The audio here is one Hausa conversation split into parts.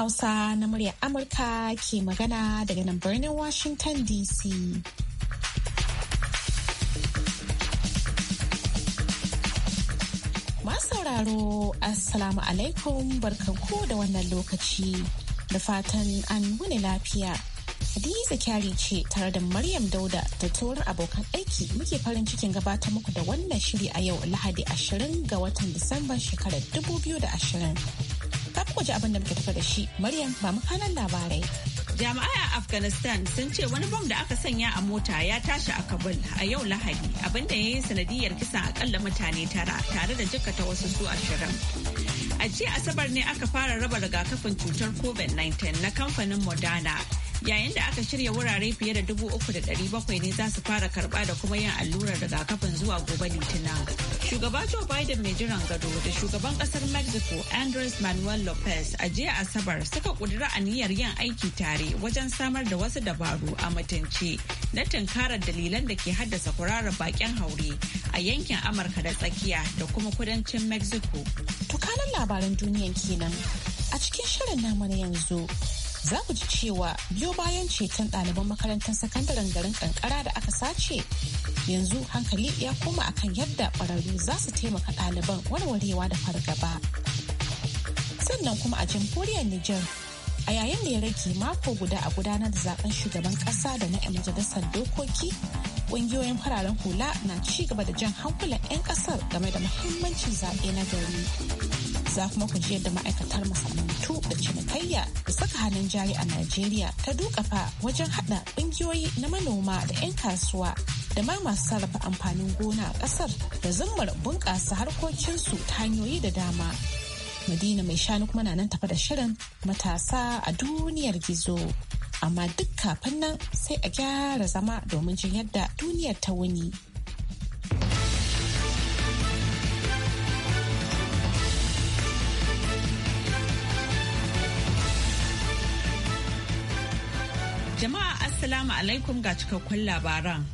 Hausa na muryar Amurka ke magana daga nan birnin Washington DC. sauraro Assalamu alaikum barkanku da wannan lokaci da fatan an wuni lafiya. Hadiza kyari ce tare da Maryam Dauda da sauran abokan aiki muke farin cikin gabatar muku da wannan shiri a yau Lahadi 20 ga watan Disamba shekarar 2020. ku ji abin da muke tafi da shi. Maryam ba mu kanan labarai. Jami'ai a Afghanistan sun ce wani bom da aka sanya a mota ya tashi a Kabul a yau Lahadi abinda ya yi sanadiyar kisan akalla mutane tara tare da jikata wasu su ashirin. A jiya Asabar ne aka fara raba rigakafin cutar COVID-19 na kamfanin Moderna yayin da aka shirya wurare fiye da dubu uku da ɗari bakwai ne za su fara karɓa da kuma yin allurar rigakafin zuwa gobe Litinin. Shugaba Joe Biden mai jiran gado da shugaban kasar Mexico Andres Manuel Lopez a jiya Asabar suka kudura aniyar yin aiki tare wajen samar da wasu dabaru a mutunce na tunkarar dalilan da ke haddasa kurarar bakin haure a yankin Amurka da tsakiya da kuma kudancin Mexico. Tukanan labaran duniyan kenan a cikin shirin namu na yanzu za ku ji cewa biyo bayan ceton ɗaliban makarantar sakandaren garin kankara da aka sace yanzu hankali ya koma akan yadda ƙwararru za su taimaka ɗaliban warwarewa da fargaba sannan kuma a jamhuriyar Nijar a yayin da ya rage mako guda a gudanar da zaben shugaban kasa da na 'yan majalisar dokoki ƙungiyoyin fararen hula na ci gaba da jan hankulan 'yan kasar game da muhimmancin zaɓe na gari za kuma ku ji yadda ma'aikatar masana'antu da cinikayya da saka hannun jari a najeriya ta dukafa wajen haɗa ƙungiyoyi na manoma da 'yan kasuwa da ma masu sarrafa amfanin gona a ƙasar da zummar bunƙasa harkokinsu ta hanyoyi da dama Madina mai shanu kuma na nan tafa da shirin matasa a duniyar gizo. Amma duk kafin nan sai a gyara zama domin jin yadda duniyar ta wuni. Jama'a Assalamu alaikum ga cikakkun labaran.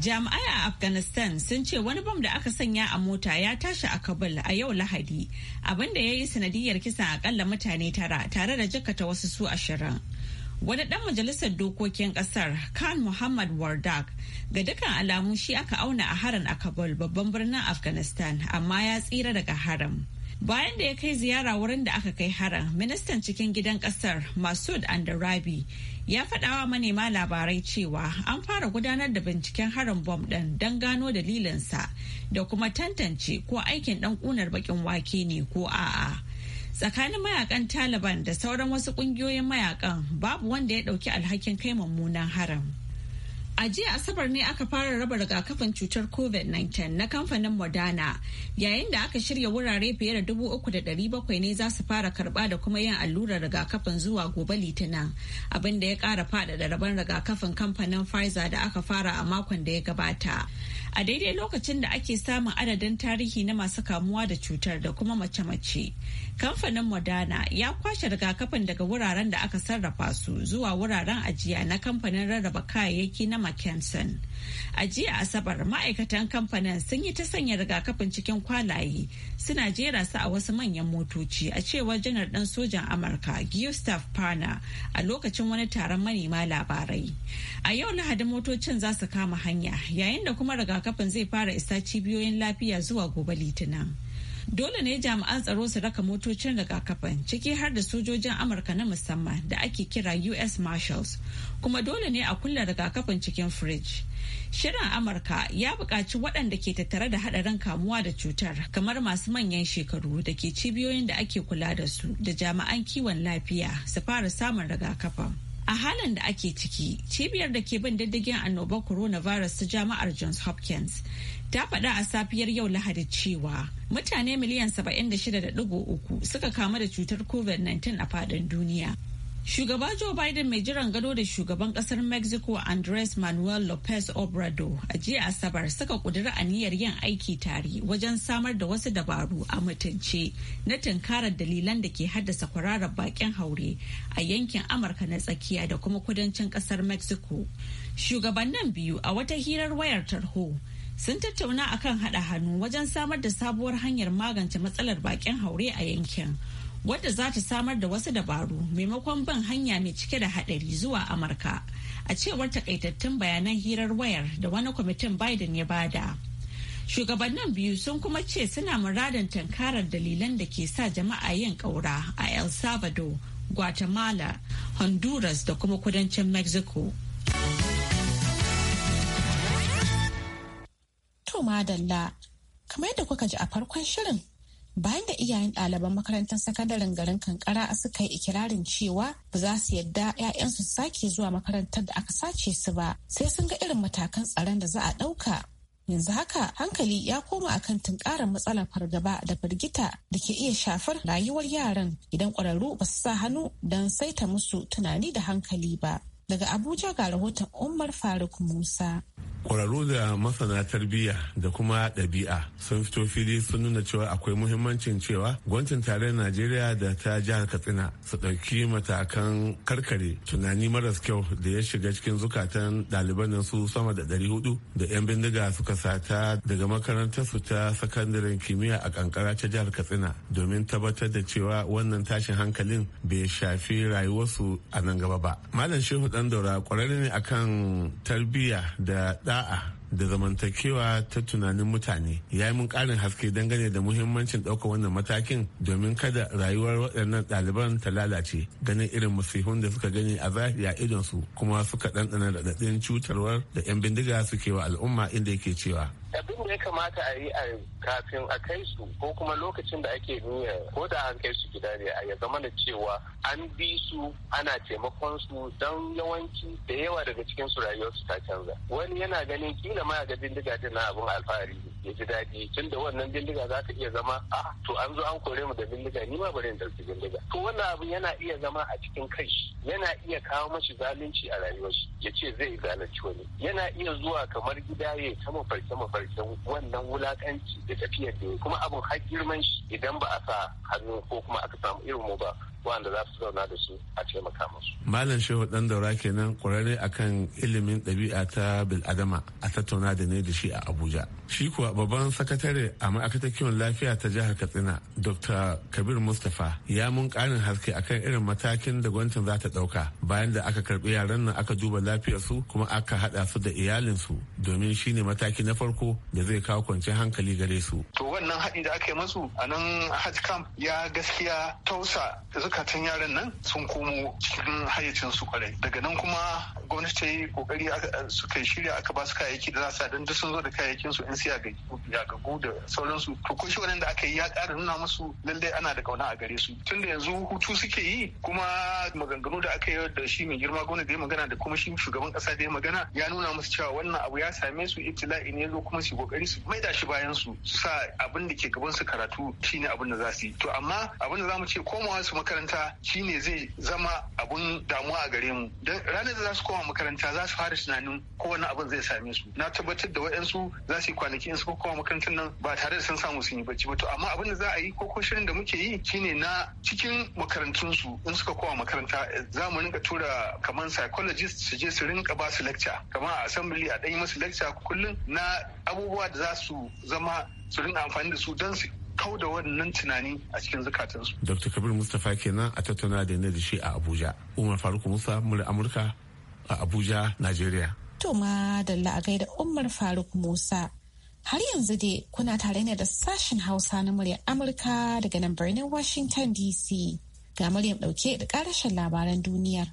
Jami'ai a Afghanistan sun ce wani bam da aka sanya a mota ya tashi a Kabul a yau Lahadi, abinda ya yi sanadiyar kisan akalla mutane tara tare da jakata wasu su ashirin. Wani ɗan majalisar dokokin ƙasar Khan Muhammad Wardak ga dukkan alamu shi aka auna a harin a Kabul babban birnin Afghanistan amma ya tsira daga harin. Bayan da ya kai ziyara wurin da aka kai harin, ministan cikin gidan kasar Masud Andarabi ya faɗawa manema labarai cewa an fara gudanar da binciken harin bom ɗin don gano dalilinsa da kuma tantance ko aikin ɗan ƙunar baƙin wake ne ko a'a. Tsakanin mayakan Taliban da sauran wasu ƙungiyoyin mayakan babu wanda ya ɗauki alhakin kai mummunan harin. A jiya Asabar ne aka fara raba rigakafin cutar COVID-19 na kamfanin Moderna yayin da aka shirya wurare fiye da dubu uku da ɗari bakwai ne za su fara karɓa da kuma yin allurar rigakafin zuwa gobe litinin abin da ya ƙara faɗaɗa rabon rigakafin kamfanin Pfizer da aka fara a makon da ya gabata. a daidai lokacin da ake samun adadin tarihi na masu kamuwa da cutar da kuma mace-mace kamfanin moderna ya kwashe rigakafin daga wuraren da aka sarrafa su zuwa wuraren ajiya na kamfanin rarraba kayayyaki na mckenson a jiya asabar ma'aikatan kamfanin sun yi ta sanya rigakafin cikin kwalaye suna jera su a wasu manyan motoci a cewar janar dan sojan amurka gustav pana a lokacin wani taron manema labarai a yau lahadin motocin za su kama hanya yayin da kuma rigakafin rigakafin zai fara isa cibiyoyin lafiya zuwa gobe litinin dole ne jami'an tsaro su raka motocin rigakafin ciki har da sojojin amurka na musamman da ake kira u.s marshals kuma dole ne a kulle rigakafin cikin firij shirin amurka ya buƙaci waɗanda ke tattare da haɗarin kamuwa da cutar kamar masu manyan shekaru da ke cibiyoyin da ake kula da su da jami'an kiwon lafiya su fara samun rigakafin a halin da ake ciki cibiyar da ke bin diddigin annobar coronavirus ta jami'ar johns hopkins ta faɗa a safiyar yau lahadi cewa mutane miliyan 76.3 suka kamu da cutar covid-19 a faɗin duniya Shugaba Joe Biden mai jiran gado da shugaban kasar Mexico Andres Manuel Lopez Obrador a jiya Asabar suka kudura aniyar yin aiki tare wajen samar da wasu dabaru a mutunce na tunkarar dalilan da ke haddasa kwararar bakin haure a yankin Amurka na tsakiya da kuma kudancin kasar Mexico. Shugabannin biyu a wata hirar wayar tarho sun tattauna akan haɗa hannu wajen samar da sabuwar hanyar magance matsalar bakin haure a yankin. wadda za ta samar da wasu dabaru maimakon ban hanya mai cike da hadari zuwa amurka a cewar takaitattun bayanan hirar wayar da wani kwamitin biden ya bada shugabannin biyu sun kuma ce suna muradin tankarar dalilan da ke sa jama'a yin kaura a el salvador guatemala honduras da kuma kudancin mexico to madalla kamar yadda kuka ji a farkon shirin bayan da iyayen ɗaliban makarantar sakandaren garin kankara suka yi ikirarin cewa ba za su yadda 'ya'yansu su sake zuwa makarantar da aka sace su ba sai sun ga irin matakan tsaron da za a ɗauka yanzu haka hankali ya koma akan tunkarar matsalar fargaba da firgita da ke iya shafar rayuwar yaran idan ƙwararru ba su sa hannu don saita musu tunani da hankali ba Daga Abuja ga rahoton Umar Faruk Musa. kwararru da masana tarbiyya da kuma ɗabi'a sun fito fili sun nuna cewa akwai muhimmancin cewa gwamnatin tarayyar Najeriya da ta jihar Katsina su ɗauki matakan karkare tunani maras kyau da ya shiga cikin zukatan ɗaliban nan su sama da ɗari hudu da 'yan bindiga suka sata daga makarantar su ta sakandaren kimiyya a kankara ta jihar Katsina domin tabbatar da cewa wannan tashin hankalin bai shafi rayuwarsu a nan gaba ba. Malam Shehu dan daura kwararre ne akan tarbiyya da da'a da zamantakewa ta tunanin mutane ya yi mun karin haske dangane da muhimmancin ɗaukar wannan matakin domin kada rayuwar waɗannan ɗaliban ta lalace ganin irin musihun da suka gani a zahiri idonsu kuma suka ɗanɗana raɗaɗin cutarwar da 'yan bindiga suke wa al'umma inda yake cewa abin da ya kamata a yi a kafin a kai su ko kuma lokacin da ake niyyar ko da an kai su gida ne a ya zama da cewa an bi su ana taimakon su don yawanci da yawa daga cikin su rayuwar su ta canza wani yana ganin kila ma ga bindiga na abin alfahari ne ya ji daɗi tun da wannan bindiga za ta iya zama a ah, to an zo an kore mu da bindiga ni ma bari in ɗauki bindiga to wannan abu yana iya zama a cikin kai shi yana iya kawo mashi zalunci a rayuwar shi ya ce zai zalunci wani yana iya zuwa kamar gida ya ta mafarke mafarken wannan wulakanci da tafiyar da kuma abin har girman shi idan ba a sa hannu ko kuma aka samu irin mu ba wanda za su zauna da su a taimaka musu. Malam Shehu Dan Daura kenan kwararre akan ilimin ɗabi'a ta Bil'adama a tattauna da ne da shi a Abuja. Shi kuwa babban sakatare a ma'aikatar kiwon lafiya ta jihar Katsina Dr. Kabir Mustapha ya mun ƙarin haske akan irin matakin da gwamnatin za ta ɗauka bayan da aka karɓi yaran nan aka duba lafiyarsu kuma aka haɗa su da iyalinsu domin shi ne mataki na farko da zai kawo kwanciyar hankali gare su. To wannan haɗi da aka masu a nan Hajj Camp ya gaskiya tausa zukatan yaran nan sun komo cikin hayyacinsu su kwarai daga nan kuma gwamnati ta yi kokari eh, suka shirya aka ba su kayayyaki da za su duk sun zo da kayayyakin su in siya ga yagagu da sauransu to ko shi da aka yi ya ƙara nuna musu lallai ana da kauna a gare su tunda yanzu hutu suke yi kuma maganganu da aka yi da shi mai girma gwamnati da ya magana da kuma shi shugaban kasa da ya magana ya nuna musu cewa wannan abu ya same su ibtila'i ne zo kuma su kokari su maida shi bayan su su sa abin da ke gaban su karatu shine abin da za su yi to amma abin da za mu ce komawa su makaranta makaranta shine zai zama abun damuwa a gare mu dan ranar da za su koma makaranta za su fara tunanin ko wani abin zai same su na tabbatar da waɗansu za su yi kwanaki in suka koma makarantar nan ba tare da sun samu sun yi bacci ba to amma abin da za a yi ko ko shirin da muke yi shine na cikin makarantun su in suka koma makaranta za mu rinka tura kamar psychologist su je su rinka ba su lecture kamar a assembly a ɗan yi musu lecture kullum na abubuwa da za su zama su rinka amfani da su don su kau da wannan tunani a cikin zukatansu. Dr. Kabir Mustapha kenan a tattauna da da shi a Abuja. Umar Faruk Musa mura Amurka a Abuja, Najeriya. To ma da la'agai da Umar Faruk Musa. Har yanzu dai kuna tare ne da sashen Hausa na muryar Amurka daga nan birnin Washington DC. Ga muryar ɗauke da ƙarashin labaran duniyar.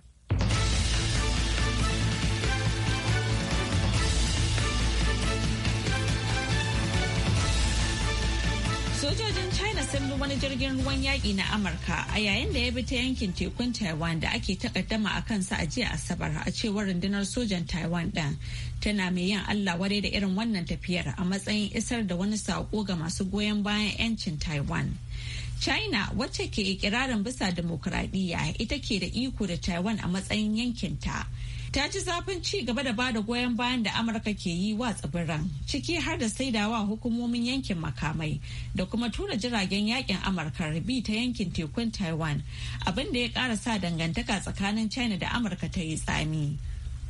Sojojin China sun bi wani jirgin ruwan yaƙi na Amurka a yayin da ya bi ta yankin tekun Taiwan da ake takaddama a kansa a jiya Asabar a cewar rundunar sojan Taiwan ɗin. Tana mai yin Allah ware da irin wannan tafiyar a matsayin isar da wani saƙo ga masu goyon bayan 'yancin Taiwan. China wacce ke ikirarin bisa demokuraɗiyya ita ke da iko da Taiwan a matsayin yankinta. ta ci zafin ci gaba da bada goyon bayan da amurka ke yi wa tsibiran ciki har da saidawa hukumomin yankin makamai da kuma tura jiragen yakin amurka bi ta yankin tekun taiwan abin da ya kara sa dangantaka tsakanin china da amurka ta yi tsami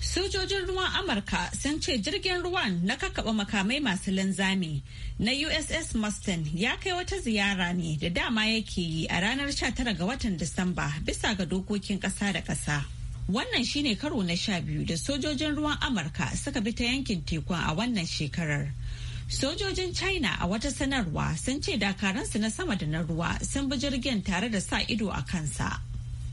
sojojin ruwan amurka sun ce jirgin ruwan na kakaba makamai masu linzami na uss mustin ya kai wata ziyara ne da dama yake yi a ranar 19 ga watan disamba bisa ga dokokin kasa da kasa Wannan shine karo na sha biyu da sojojin ruwan Amurka suka bi ta yankin tekun a wannan shekarar. Sojojin China a wata sanarwa sun ce dakaransu na sama da na ruwa sun bi jirgin tare da sa ido a kansa.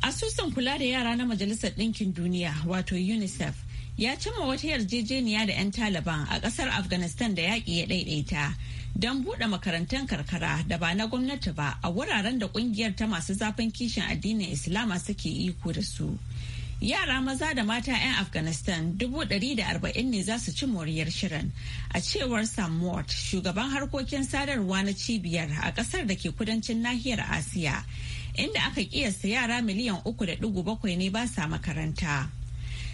Asusun kula da yara na Majalisar Ɗinkin Duniya wato UNICEF ya cimma wata yarjejeniya da 'yan Taliban a ƙasar Afghanistan da yaƙi ya ɗaiɗaita don buɗe makarantun karkara da ba na gwamnati ba a wuraren da ƙungiyar ta masu zafin kishin addinin Islama suke iko da su. Yara maza da mata 'yan Afghanistan arba'in ne za su ci moriyar shirin. A cewar Sam Mort, shugaban harkokin sadarwa na cibiyar a kasar da ke kudancin nahiyar Asiya, inda aka kiyasta yara miliyan uku da bakwai ne ba sa makaranta.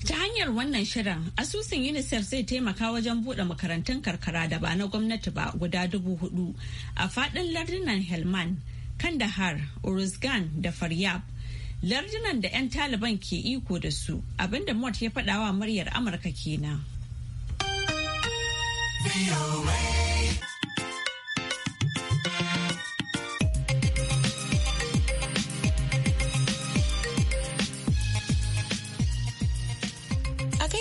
Ta hanyar wannan shirin, asusun UNICEF zai taimaka wajen buɗe makarantun karkara da ba na gwamnati ba guda dubu hudu a faɗin lardunan Helman, Kandahar, Uruzgan da Faryab. lardunan da 'yan taliban ke iko da su abinda mott ya faɗawa muryar amurka kenan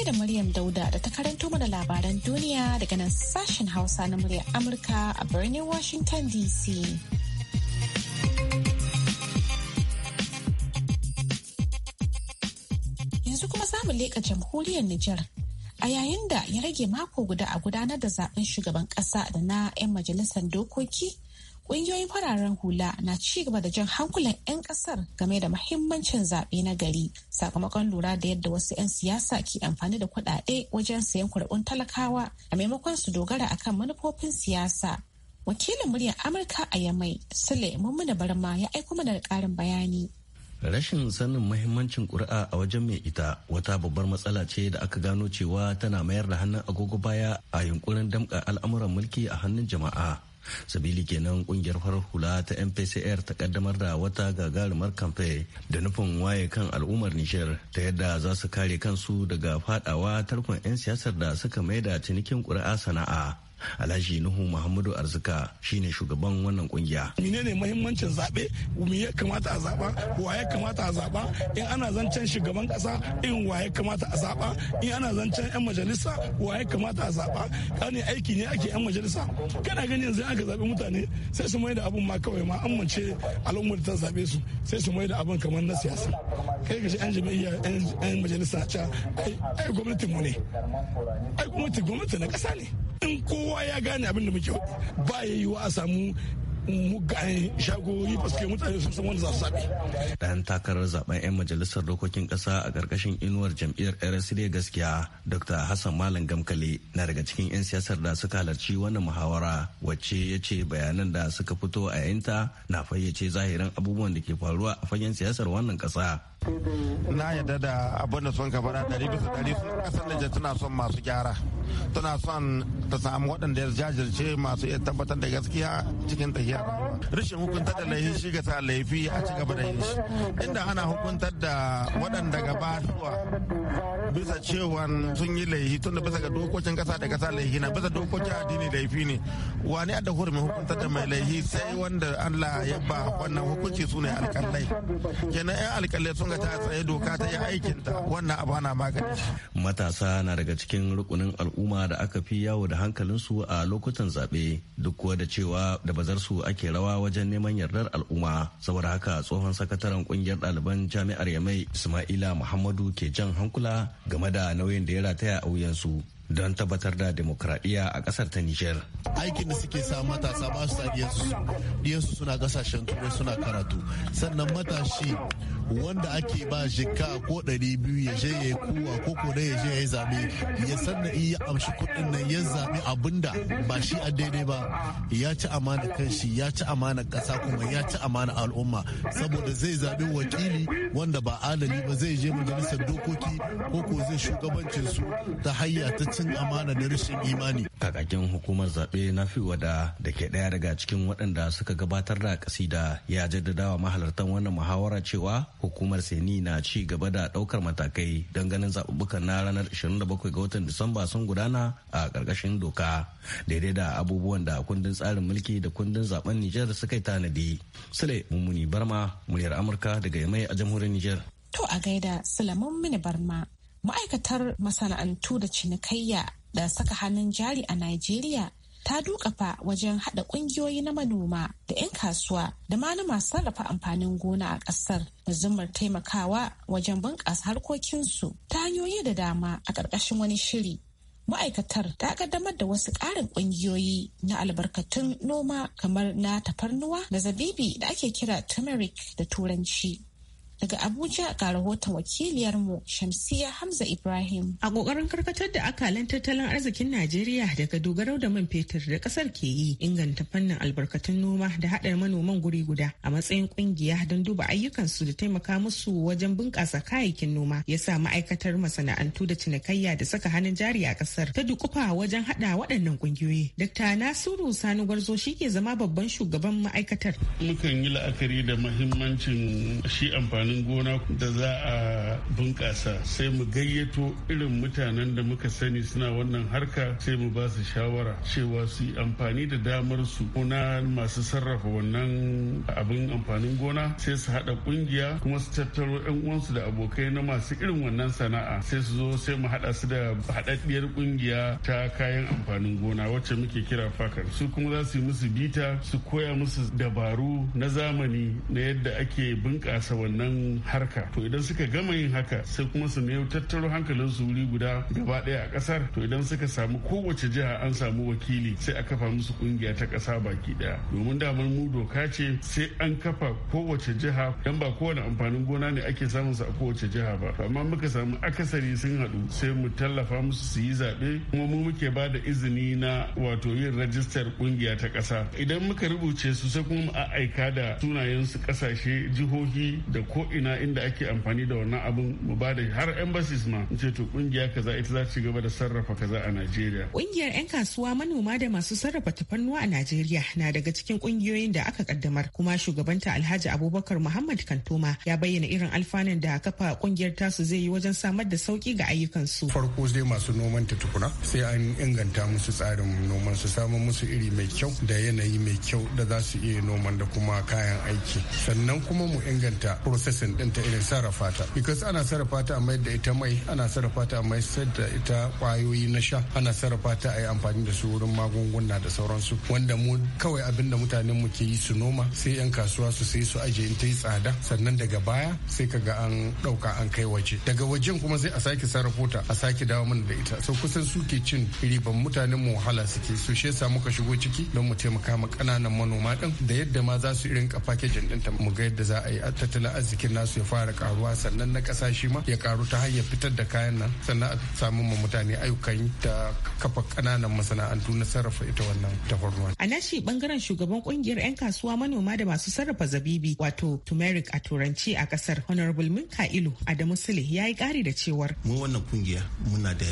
da Maryam Dauda da ta karanto mana labaran duniya daga nan sashen Hausa na muryar Amurka a birnin Washington DC. mu leƙa jamhuriyar Nijar a yayin da ya rage mako guda a gudanar da zaben shugaban ƙasa da na 'yan majalisar dokoki ƙungiyoyin fararen hula na ci gaba da jan hankulan 'yan ƙasar game da mahimmancin zaɓe na gari sakamakon lura da yadda wasu 'yan siyasa ke amfani da kuɗaɗe wajen sayan kuri'un talakawa a maimakon su dogara akan manufofin siyasa wakilin muryar amurka a yamai sule mummuna barma ya aiko mana da ƙarin bayani Rashin sanin mahimmancin ƙuri'a a wajen mai ita wata babbar matsala ce da aka gano cewa tana mayar da hannun agogo baya a yunkurin damƙa al'amuran mulki a hannun jama'a. sabili kenan kungiyar farar hula ta mpcr ta kaddamar da wata gagarumar kamfe da nufin waye kan al'ummar nishir ta yadda za su kare kansu daga fadawa tarkon 'yan siyasar da suka maida cinikin ƙuri'a sana'a alhaji nuhu muhammadu arzika shine shugaban wannan kungiya ne muhimmancin zaɓe me ya kamata a zaɓa wa ya kamata a zaɓa in ana zancen shugaban ƙasa in wa ya kamata a zaɓa in ana zancen yan majalisa wa ya kamata a zaɓa Kani aiki ne ake yan majalisa kana gani yanzu aka zaɓi mutane sai su mai da abun ma kawai ma amince al'ummar ta zaɓe su sai su mai da abun kamar na siyasa kai ka ce yan jami'a yan majalisa ta ai gwamnatin mu ne ai gwamnati gwamnati na ƙasa ne in kowa kowa ya gane abin da muke ba ya wa a samu mugayen shagori paske mutane sun san wanda za su zaɓe. Ɗan takarar zaben 'yan majalisar dokokin ƙasa a ƙarƙashin inuwar jam'iyyar RSD gaskiya Dr. Hassan Malam Gamkale na daga cikin 'yan siyasar da suka halarci wannan muhawara wacce ya ce bayanan da suka fito a yayinta na fayyace zahirin abubuwan da ke faruwa a fagen siyasar wannan ƙasa. Na yarda da abin da sun ka faɗa ɗari bisa ɗari sun ƙasar da tana son masu gyara tana son ta samu waɗanda ya jajirce masu iya tabbatar da gaskiya cikin tafiya rashin hukuntar da laifin shi ga sa laifi a ci gaba da yin shi inda ana hukuntar da waɗanda gaba zuwa bisa cewa sun yi laifi tun da bisa ga dokokin kasa da kasa laifi na bisa dokokin addini laifi ne wani adda hurumin hukunta da mai laifi sai wanda Allah ya ba wannan hukunci su ne alƙalai kenan yan alkalai sun ga ta tsaye doka ta yi aikin ta wannan abu ana magani matasa na daga cikin rukunin al'umma da aka fi yawo da hankalinsu a lokutan zaɓe duk kuwa da cewa da bazarsu ake rawa wajen neman yardar al'umma saboda haka tsohon sakataren kungiyar ɗaliban jami'ar yamai ismaila muhammadu ke jan hankula game da nauyin da ya rataya a wuyansu don tabbatar da demokradiyya a kasar ta Nijar. Aikin da suke sa matasa ba su sa diyansu suna kasashen turai suna karatu. Sannan matashi wanda ake ba shekka ko ɗari biyu ya je ya kuwa ko ko ya je ya yi zaɓe ya san da iya amshi kuɗin nan ya zaɓi abinda ba shi a daidai ba ya ci amana kanshi ya ci amana ƙasa kuma ya ci amana al'umma saboda zai zaɓi wakili wanda ba adali ba zai je majalisar dokoki ko ko zai shugabancin su ta hayya ta cin amana da rashin imani. Kakakin hukumar zaɓe na fi wada da ke ɗaya daga cikin waɗanda suka gabatar da kasida ya jaddadawa mahalartan wannan muhawara cewa hukumar seni na ci gaba da daukar matakai don ganin zaɓuɓɓukan na ranar 27 ga watan disamba sun gudana a ƙarƙashin doka daidai da abubuwan da kundin tsarin mulki da kundin zaben nijar suka yi tanadi sule mummuni barma muryar amurka daga yamai a jamhuriyar nijar to a gaida sulamun mini barma ma'aikatar masana'antu da cinikayya da saka hannun jari a najeriya ta dukafa wajen haɗa ƙungiyoyi na manoma da 'yan kasuwa da ma na masu sarrafa amfanin gona a ƙasar da zumar taimakawa wajen bunƙasa harkokinsu ta hanyoyi da dama a ƙarƙashin wani shiri ma'aikatar ta kaddamar da wasu ƙarin ƙungiyoyi na albarkatun noma kamar na tafarnuwa da zabibi da ake kira turmeric da turanci Daga Abuja ga rahoton wakiliyarmu Shamsiya Hamza Ibrahim. A ƙoƙarin karkatar da akalan tattalin arzikin Najeriya daga dogaro da man fetur da ƙasar ke yi inganta fannin albarkatun noma da haɗa manoman guri guda a matsayin ƙungiya don duba ayyukansu da taimaka musu wajen bunƙasa kayayyakin noma ya sa ma'aikatar masana'antu da cinikayya da saka hannun jari a ƙasar ta dukufa wajen haɗa waɗannan ƙungiyoyi. Dakta Nasiru Sani Gwarzo shi ke zama babban shugaban ma'aikatar. Mukan yi la'akari da muhimmancin shi amfani amfanin gona da za a bunƙasa sai mu gayyato irin mutanen da muka sani suna wannan harka sai mu ba su shawara cewa su yi amfani da damar su kuna masu sarrafa wannan abin amfanin gona sai su haɗa ƙungiya kuma su tattaro 'yan uwansu da abokai na masu irin wannan sana'a sai su zo sai mu haɗa su da haɗaɗɗiyar ƙungiya ta kayan amfanin gona wacce muke kira fakar su kuma za su yi musu bita su koya musu dabaru na zamani na yadda ake bunƙasa wannan harka to idan suka gama yin haka sai kuma su ne tattaro hankalin su wuri guda gaba daya a kasar to idan suka samu kowace jiha an samu wakili sai a kafa musu kungiya ta ƙasa baki daya domin damar mu doka ce sai an kafa kowace jiha dan ba kowane amfanin gona ne ake samun su a kowace jiha ba amma muka samu akasari sun haɗu sai mu tallafa musu su yi zaɓe kuma mu muke ba da izini na wato yin rajistar kungiya ta ƙasa idan muka rubuce su sai kuma mu aika da sunayen su ƙasashe jihohi da ko ina inda ake amfani da wannan abin mu ba da har embassies ma in ce to kungiya kaza ita za ci gaba da sarrafa kaza a Najeriya. Kungiyar 'yan kasuwa manoma da masu sarrafa tafarnuwa a Najeriya na daga cikin kungiyoyin da aka kaddamar kuma shugabanta Alhaji Abubakar Muhammad Kantoma ya bayyana irin alfanun da kafa kungiyar ta su zai yi wajen samar da sauki ga ayyukan su. Farko zai masu noman ta tukuna sai an inganta musu tsarin noman su samu musu iri mai kyau da yanayi mai kyau da za su iya noman da kuma kayan aiki. Sannan kuma mu inganta process medicine din ta irin sarrafa ta because ana sarrafa ta a mayar da ita mai ana sarrafa ta a mayar da ita kwayoyi na sha ana sarrafa ta a yi amfani da su wurin magunguna da sauransu wanda mu kawai abin da mutanen mu ke yi su noma sai yan kasuwa su sai su aje in ta yi tsada sannan daga baya sai ka ga an dauka an kai waje daga wajen kuma sai a sake sarrafo ta a sake dawo mana da ita sau kusan su ke cin riban mutanen mu wahala suke so shi yasa muka shigo ciki don mu taimaka ma kananan manoma din da yadda ma za su irin pakejin din ta mu ga yadda za a yi tattalin arziki cikin nasu ya fara karuwa sannan na kasa shi ma ya karu ta hanyar fitar da kayan nan sannan a samu ma mutane ayyukan da kafa kananan masana'antu na sarrafa ita wannan tafarnuwa. A nashi bangaren shugaban kungiyar 'yan kasuwa manoma da masu sarrafa zabibi wato turmeric a turanci a kasar honorable minka ilu adamu sule ya yi kari da cewar. mu wannan kungiya muna da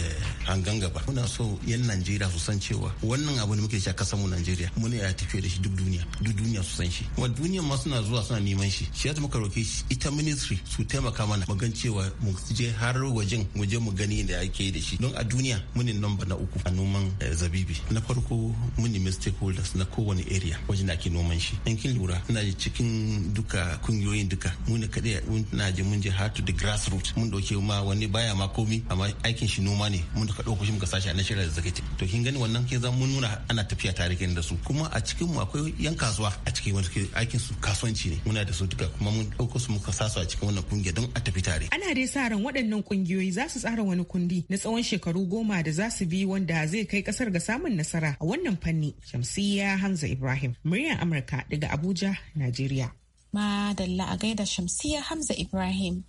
hangen gaba muna so 'yan najeriya su san cewa wannan abu da muke a kasar mu najeriya muna ya tafiya da shi duk duniya duk duniya su san shi kuma duniya ma suna zuwa suna neman shi shi ya muka roke shi ita ministry su taimaka mana magan cewa mu je har wajen mu je mu gani da ake da shi don a duniya muni number na uku a noman eh, zabibi na farko muni stakeholders na kowane area wajen da ake noman shi in kin lura ina ji cikin duka kungiyoyin duka muni ne kadai na je mun je har to the grassroots mun dauke ma wani baya ma komi amma aikin shi noma ne mun ka dauko shi muka sashi a national zakati to kin gani wannan kin zan mun nuna ana tafiya tare kin da su kuma a cikin mu akwai yan kasuwa a cikin wani aikin su kasuwanci ne muna da su duka kuma mun dauko su muka Ka su a cikin wannan kungiya don a tafi tare. Ana dai sa ran waɗannan kungiyoyi za su tsara wani kundi na tsawon shekaru goma da za su bi wanda zai kai ƙasar ga samun nasara a wannan fanni. Shamsiyya Hamza Ibrahim, muryar Amurka daga Abuja, Najeriya. Madalla a gaida Shamsiyya Hamza Ibrahim.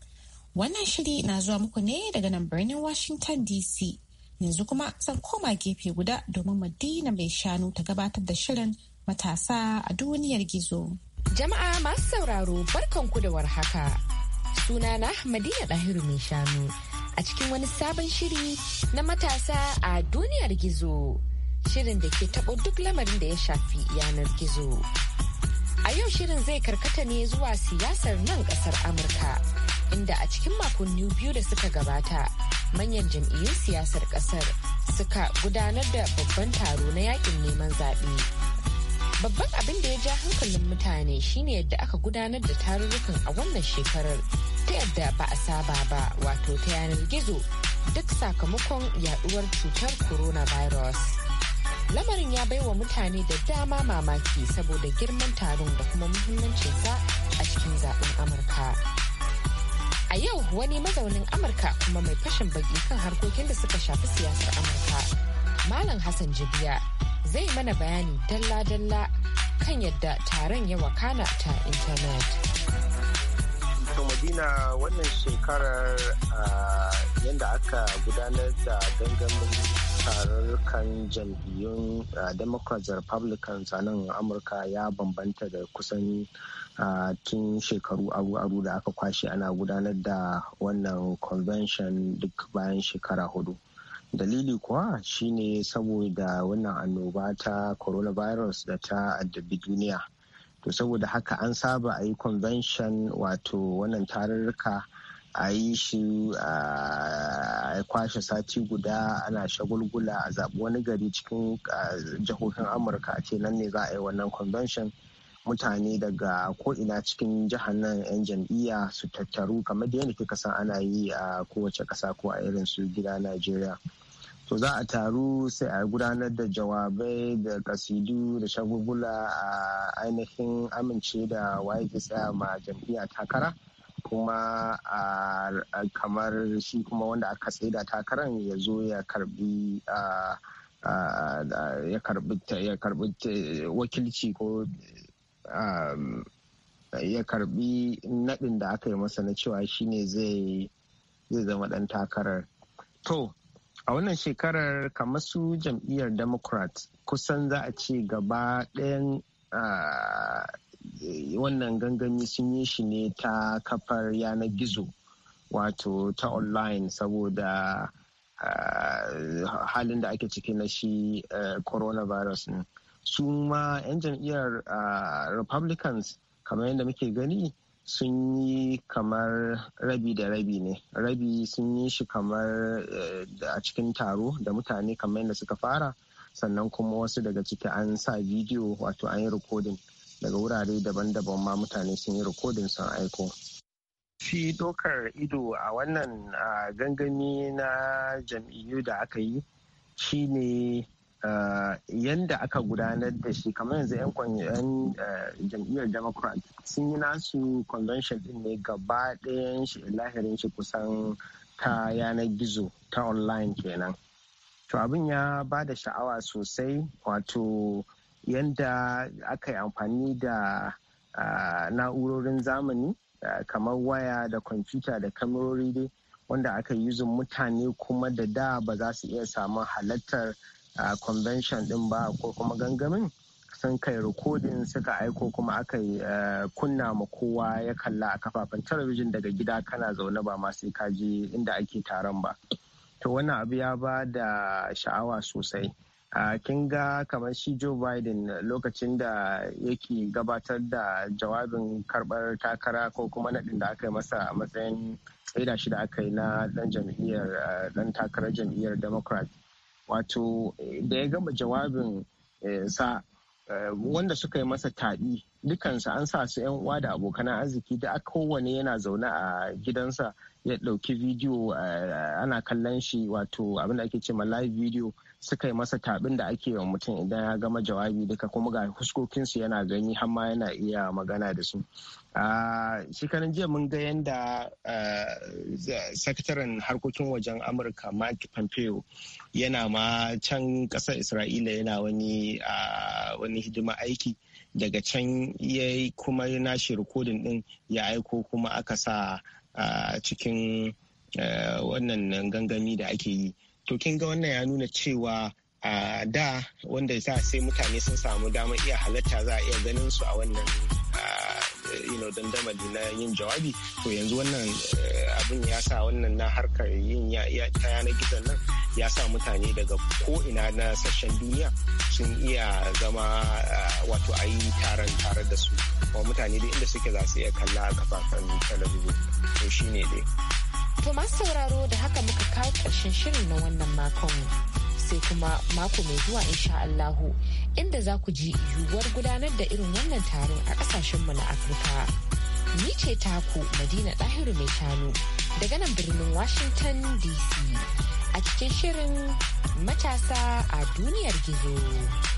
Wannan shiri na zuwa muku ne daga nan birnin Washington DC. Yanzu kuma san koma gefe guda domin Madina mai shanu ta gabatar da shirin matasa a duniyar gizo. Jama'a masu sauraro barkanku da warhaka. Sunana Madina Dahiru mai shanu a cikin wani sabon shiri na matasa a duniyar gizo. Shirin da ke taɓo duk lamarin da ya shafi yanar gizo. A yau shirin zai karkata ne zuwa siyasar nan ƙasar Amurka, inda a cikin makonni biyu da suka gabata manyan jam'iyyun siyasar ƙasar suka gudanar da babban taro na yakin neman zaɓe. Babban abin da ya ja hankalin mutane shine yadda aka gudanar da tarurrukan a wannan shekarar ta yadda ba a saba ba wato ta yanar gizo duk sakamakon yaduwar cutar coronavirus. Lamarin ya baiwa mutane da dama mamaki saboda girman taron da kuma muhimmancinsa a cikin zaben Amurka. A yau wani mazaunin Amurka kuma mai fashin baki kan harkokin da suka shafi siyasar Amurka, Malam Hassan Jibiya zai mana bayani dalla-dalla kan yadda taron ya wakana ta intanet. To Madina wannan shekarar yadda aka gudanar da gangamin tararrukan jam'iyyun Democrats da Republicans a nan Amurka ya bambanta da kusan tun shekaru aru-aru da aka kwashe ana gudanar da wannan convention duk bayan shekara hudu. dalili kuwa shine saboda wannan annoba ta coronavirus da ta addabi duniya to saboda haka an saba a yi convention wato wannan tarurruka a yi shi a kwashe sati guda ana shagulgula a zaɓi wani gari cikin jihohin amurka a ce nan ne za a yi wannan convention mutane daga ko'ina cikin jihar nan 'yan jam'iyya su tattaru kamar da yadda kika san ana yi a kowace ƙasa ko a irin su gida najeriya to za a taru sai a gudanar da jawabai da kasidu da shagugula a ainihin amince da waye ke tsaya ma jam'iyya takara kuma kamar shi kuma wanda aka tsaida takaran ya zo ya karbi ya karbi wakilci ko ya karbi nadin da aka yi masa na cewa shine zai zama dan takarar to a wannan shekarar kamar su jam'iyyar democrat kusan za a ce gaba ɗayan wannan gangami sun yi shi ne ta kafar yanar gizo wato ta online saboda halin da ake ciki na shi coronavirus su ma 'yan jam'iyyar republicans kamar yadda muke gani sun yi kamar rabi da rabi ne rabi sun yi shi kamar eh, a cikin taro da mutane kamar yadda suka fara sannan kuma wasu daga ciki an sa bidiyo wato an yi rikodin daga wurare daban-daban ma mutane sun yi rikodin sun aiko shi dokar ido a wannan gangami na jam'iyyu da aka yi shine Eh, yadda aka gudanar da shi kamar yanzu 'yan eh, jam'iyyar democrat sun yi nasu convention din ne gaba ɗayan shi lahirin shi kusan ta yanar gizo ta online kenan to abin ya ba da sha'awa sosai wato yadda aka yi amfani da eh, na'urorin zamani kamar waya da kwamfuta da kamarori dai wanda aka yi mutane kuma da da ba za su iya samun halartar a convention din ba ko kuma gangamin sun kai rikodin suka aiko kuma aka eh, kunna ma kowa ya kalla a kafafen talabijin daga gida kana zaune ba masu sai kaji inda ake taron ba to wannan abu ya ba da sha'awa sosai kin ga kamar shi joe biden lokacin da yake gabatar da jawabin karbar takara ko kuma naɗin da aka yi masa a matsayin tsaida shi da aka yi na ɗan eh, ɗan takarar jam'iyyar democrat wato eh, da ya gama jawabin eh, sa eh, wanda suka yi masa taɗi dukansa an sa su 'yan uwa da abokan arziki da kowane yana zaune a gidansa ya ɗauki bidiyo ana kallon shi wato abin ake ce ma live video suka yi masa tabin da ake wa mutum idan ya gama jawabi duka kuma ga huskokinsu yana gani har ma yana iya magana da su shekarun jiya mun ga yadda sakataren harkokin wajen amurka mike pompeo yana ma can ƙasar isra'ila yana wani wani hidima aiki daga can ya yi kuma nashi rikodin din ya aiko kuma aka sa cikin wannan gangami da ake yi to kin ga wannan ya nuna cewa a da wanda za sai mutane sun samu damar iya halatta za a iya ganin su a wannan dandamali na yin jawabi to yanzu wannan eh, abin ya sa wannan na harkar yin ta yanar gizon nan ya sa mutane daga ko'ina na sashen duniya sun iya zama wato a yi taron tare da su kuma mutane da inda suke za su iya kalla a kafafen talabijin to shine dai To masu sauraro da haka muka kawo ƙarshen shirin na wannan makon. sai kuma mako mai zuwa insha Allahu inda za ku ji yiwuwar gudanar da irin wannan taron a kasashenmu na Afirka. Ni ce taku Madina Dahiru mai shanu daga nan birnin Washington DC a cikin shirin matasa a duniyar gizo.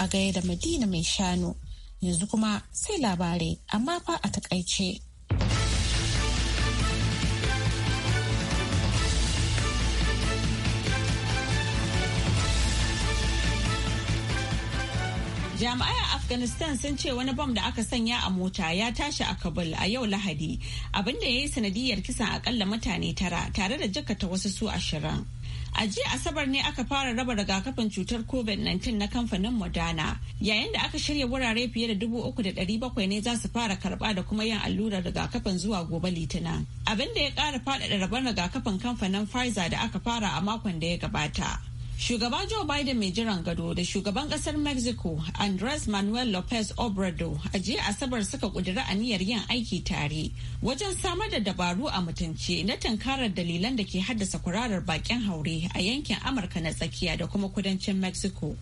a gaya da Madina mai shanu. Yanzu kuma sai labarai amma fa a takaice. jami'ai a afghanistan sun ce wani bam da aka sanya a mota ya tashi a kabul a yau lahadi abinda ya yi sanadiyar kisan akalla mutane tara tare da jakata wasu su ashirin A jiya Asabar ne aka fara raba rigakafin cutar COVID-19 na kamfanin Moderna, yayin da aka shirya wurare fiye da dubu uku da ɗari bakwai ne za su fara karɓa da kuma yin allurar rigakafin zuwa gobe Litinin. Abin da ya ƙara faɗaɗa rabon rigakafin kamfanin Pfizer da aka fara a makon da ya gabata. Shugaba Joe Biden mai jiran gado da shugaban kasar Mexico Andres Manuel Lopez Obrador a jiya Asabar suka kudura aniyar yin aiki tare wajen samar da dabaru a mutunci na tankarar dalilan da ke haddasa kurarar bakin haure a yankin Amurka na tsakiya da kuma kudancin Mexico.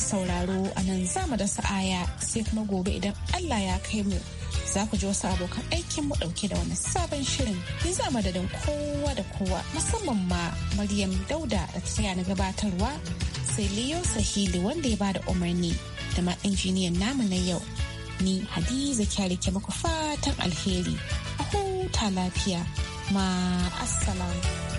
sauraro a nan zamu da sa'aya sai kuma gobe idan Allah ya kai mu za ku ji wasu abokan aikin mu dauke da wani sabon shirin ya za madadin kowa da kowa musamman ma Maryam Dauda da ta na gabatarwa sai Leo Sahili wanda ya bada umarni da ma injiniyan namu na yau ni Hadiza Kyari ke muku fatan alheri a huta lafiya ma assalamu